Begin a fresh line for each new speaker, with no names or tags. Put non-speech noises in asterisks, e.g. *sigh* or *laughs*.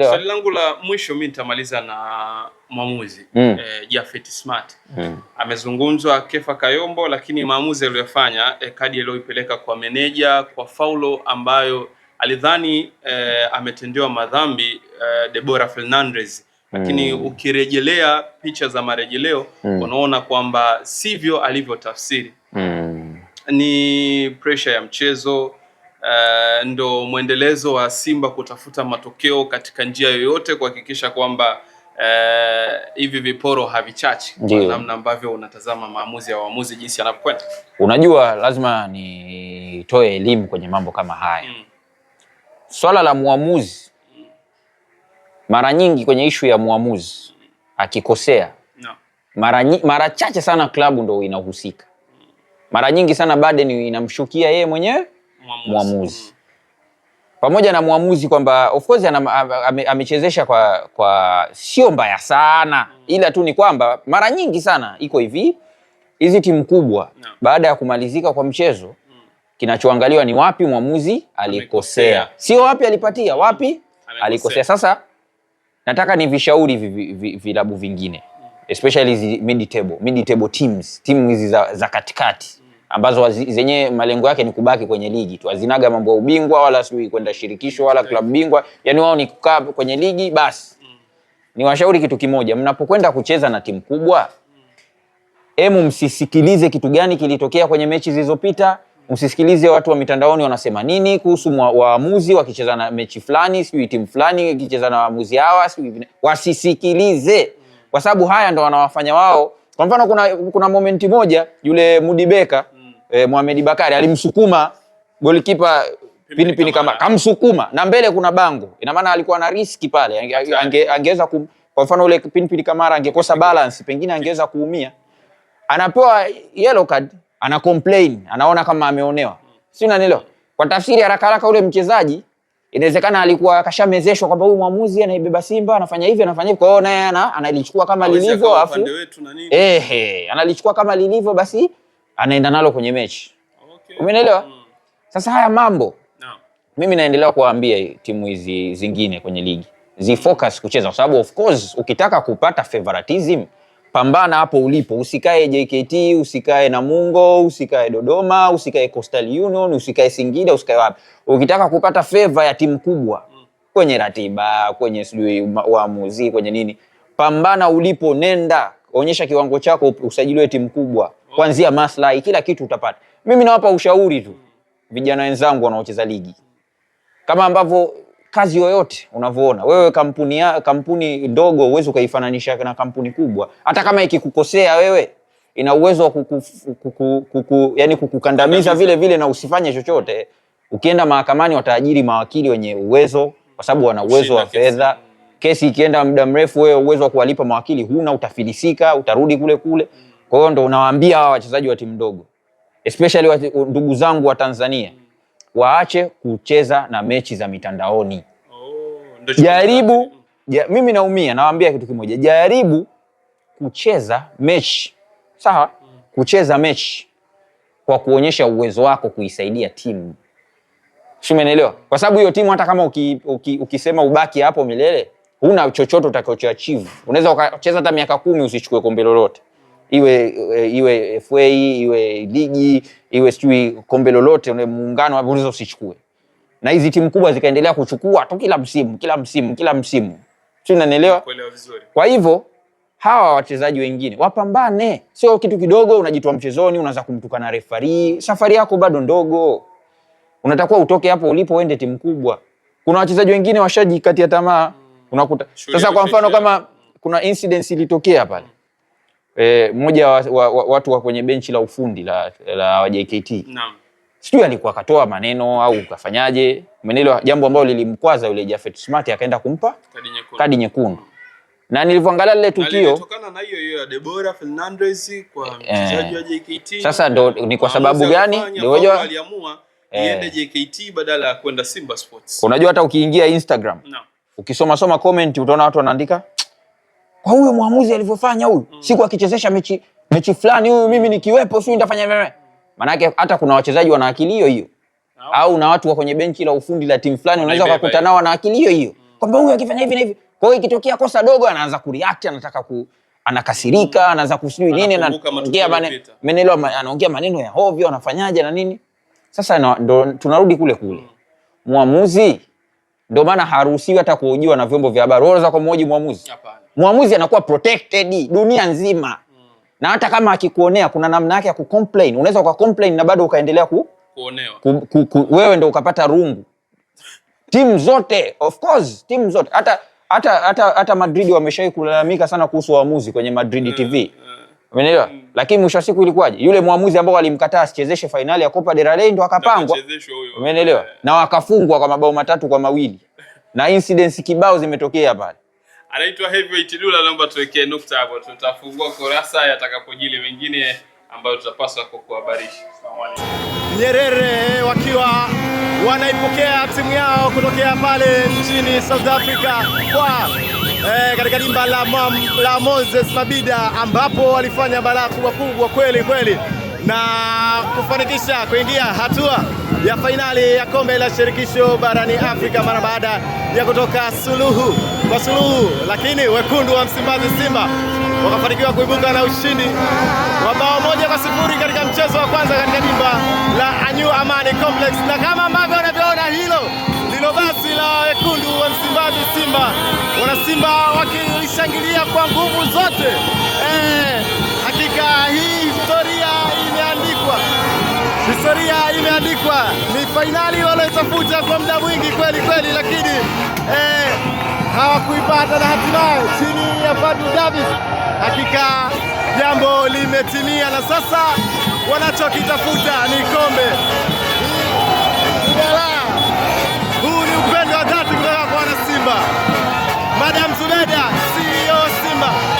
Swali langu la mwisho mimi nitamaliza na mwamuzi mm. E, Jafet Smart mm. amezungumzwa Kefa Kayombo, lakini maamuzi aliyofanya e, eh, kadi aliyoipeleka kwa meneja kwa faulo ambayo alidhani e, ametendewa madhambi e, Debora Fernandez lakini mm. ukirejelea picha za marejeleo mm. unaona kwamba sivyo alivyotafsiri mm. ni pressure ya mchezo uh, ndo mwendelezo wa Simba kutafuta matokeo katika njia yoyote kuhakikisha kwamba eh, hivi viporo havichachi kwa namna ambavyo unatazama maamuzi ya waamuzi jinsi yanavyokwenda.
Unajua, lazima nitoe elimu kwenye mambo kama haya mm. Swala la muamuzi mara nyingi kwenye ishu ya muamuzi akikosea no. mara, mara chache sana klabu ndo inahusika mara nyingi sana badeni inamshukia yeye mwenyewe
mwamuzi
pamoja na mwamuzi kwamba of course amechezesha kwa, kwa sio mbaya sana mm. ila tu ni kwamba mara nyingi sana iko hivi hizi timu kubwa no. baada ya kumalizika kwa mchezo mm. kinachoangaliwa ni wapi mwamuzi alikosea, sio wapi alipatia, wapi alikosea. Sasa nataka ni vishauri vilabu vingine mm. especially mid table mid table teams, timu hizi za, za katikati ambazo zenye malengo yake ni kubaki kwenye ligi tu, hazinaga mambo ya ubingwa wala sijui kwenda shirikisho wala klabu bingwa, yani wao ni kukaa kwenye ligi basi. Niwashauri kitu kimoja, mnapokwenda kucheza na timu kubwa, emu msisikilize kitu gani kilitokea kwenye mechi zilizopita Msisikilize watu wa mitandaoni wanasema nini kuhusu waamuzi wakicheza na mechi fulani, sijui timu fulani ikicheza na waamuzi hawa, sijui wasisikilize, kwa sababu haya ndo wanawafanya wao. Kwa mfano, kuna, kuna momenti moja yule Mudibeka eh, Mohamed Bakari alimsukuma golikipa pinipini pini kama kamsukuma na mbele kuna bango, ina maana alikuwa na riski pale, angeweza ange, ange kwa mfano ule pinipini Kamara angekosa balance, pengine angeweza kuumia. Anapewa yellow card, ana complain, anaona kama ameonewa, si unanielewa? Kwa tafsiri haraka haraka, ule mchezaji inawezekana alikuwa kashamezeshwa kwamba huyu mwamuzi anaibeba Simba anafanya hivi anafanya hivi, kwa hiyo naye analichukua kama lilivyo, afu ehe, analichukua kama lilivyo basi anaenda nalo kwenye mechi okay. Umeelewa? mm. Sasa haya mambo no. Mimi naendelea kuwaambia timu hizi zingine kwenye ligi zifocus kucheza, kwa sababu of course ukitaka kupata favoritism pambana hapo ulipo, usikae JKT, usikae Namungo, usikae Dodoma, usikae Coastal Union, usikae Singida, usikae wapi. Ukitaka kupata favor ya timu kubwa mm. kwenye ratiba, kwenye sijui waamuzi, kwenye nini, pambana ulipo, nenda onyesha kiwango chako, usajiliwe timu kubwa kuanzia maslahi, kila kitu utapata. Mimi nawapa ushauri tu vijana wenzangu wanaocheza ligi, kama ambavyo kazi yoyote unavyoona wewe, kampuni ya, kampuni ndogo huwezi ukaifananisha na kampuni kubwa. Hata kama ikikukosea wewe, ina uwezo wa kuku, kuku, kuku, yani kukukandamiza vile vile na usifanye chochote. Ukienda mahakamani, wataajiri mawakili wenye uwezo, kwa sababu wana uwezo wa fedha. Kesi ikienda muda mrefu, wewe uwezo wa kuwalipa mawakili huna, utafilisika, utarudi kule kule. Kwa hiyo ndo unawaambia hawa wachezaji wa timu ndogo especially ndugu zangu wa Tanzania waache kucheza na mechi za mitandaoni. Oh, jaribu ja, mimi naumia, nawaambia kitu kimoja, jaribu kucheza mechi sawa, kucheza mechi kwa kuonyesha uwezo wako kuisaidia timu, si umeelewa? Kwa sababu hiyo timu hata kama uki, uki, ukisema ubaki hapo milele, huna chochote utakachoachieve. Unaweza ukacheza hata miaka kumi usichukue kombe lolote iwe e, iwe FA iwe ligi iwe sijui kombe lolote muungano hapo, usichukue, na hizi timu kubwa zikaendelea kuchukua tu kila msimu kila msimu kila msimu, sio? Unanielewa? Kwa hivyo hawa wachezaji wengine wapambane, sio kitu kidogo. Unajitoa mchezoni, unaanza kumtukana refari, safari yako bado ndogo, unatakiwa utoke hapo ulipo uende timu kubwa. Kuna wachezaji wengine washajikatia tamaa, mm. unakuta sasa. Kwa mfano kama kuna incident ilitokea pale Eh, mmoja wa, wa, wa, watu wa kwenye benchi la ufundi la, la JKT naam, sijui alikuwa akatoa maneno au kafanyaje, umeelewa, jambo ambalo lilimkwaza yule Jafet Smart, akaenda kumpa kadi nyekundu, kadi nyekundu na nilivyoangalia lile tukio
kutokana na hiyo hiyo ya Debora Fernandez kwa eh. mchezaji wa JKT.
Sasa ndo ni kwa sababu gani ndio aliamua
eh. iende JKT badala ya kwenda Simba Sports.
Unajua hata ukiingia Instagram no. ukisoma soma comment utaona watu wanaandika kwa huyu mwamuzi alivyofanya huyu mm. siku akichezesha mechi mechi fulani huyu mimi nikiwepo sio nitafanya vile. Maanake hata kuna wachezaji wana akili hiyo hiyo no. au na watu wa kwenye benchi la ufundi la timu fulani unaweza kukuta nao wana akili hiyo hiyo mm. kwamba huyu akifanya hivi na hivi, kwa hiyo ikitokea kosa dogo anaanza kureact, anataka ku anakasirika, mm. anaanza kusijui nini, na anaongea maneno anaongea maneno ya hovyo, anafanyaje na nini. Sasa ndo tunarudi kule kule, mm. mwamuzi ndo maana haruhusiwi hata kuhojiwa na vyombo vya habari. Unaweza kumhoji mwamuzi? Hapana mwamuzi anakuwa protected dunia nzima na hata kama akikuonea kuna namna yake ya kucomplain, unaweza ukacomplain na bado ukaendelea ku, kuonewa ku, ku, ku, wewe ndo ukapata rungu timu zote of course, timu zote hata hata hata hata Madrid wameshawahi kulalamika sana kuhusu waamuzi kwenye Madrid yeah, TV eh. Umeelewa? Mm. Lakini mwisho wa siku ilikuwaje? Yule mwamuzi ambao alimkataa asichezeshe fainali ya Copa del Rey ndo akapangwa. Umeelewa? yeah. Na wakafungwa kwa mabao matatu kwa mawili. *laughs* Na incidents kibao zimetokea pale
anaitwa Heavyweight Dulla. Naomba tuwekee nukta hapo, tutafungua kurasa yatakapojili mengine ambayo tutapaswa kukuhabarisha.
Nyerere wakiwa wanaipokea timu yao kutokea pale nchini South Africa kwa eh, katika dimba la, la Moses mabida ambapo walifanya balaa kubwa kubwa kweli kweli na kufanikisha kuingia hatua ya fainali ya kombe la shirikisho barani Afrika mara baada ya kutoka suluhu kwa suluhu, lakini wekundu wa Msimbazi Simba wakafanikiwa kuibuka na ushindi wa bao moja kwa sifuri katika mchezo wa kwanza katika dimba la Anyu Amani Complex, na kama ambavyo wanavyoona hilo ndilo basi la wekundu wa Msimbazi Simba, wanasimba wakishangilia kwa nguvu zote eh. historia imeandikwa, ni fainali walioitafuta kwa muda mwingi kweli kweli, lakini eh, hawakuipata na hatimaye chini ya Fadlu Davis, hakika jambo limetimia, na sasa wanachokitafuta ni kombe. Huu ni upendo wa dhati kutoka kwa Wanasimba. Madam Zubeda siyo e Simba.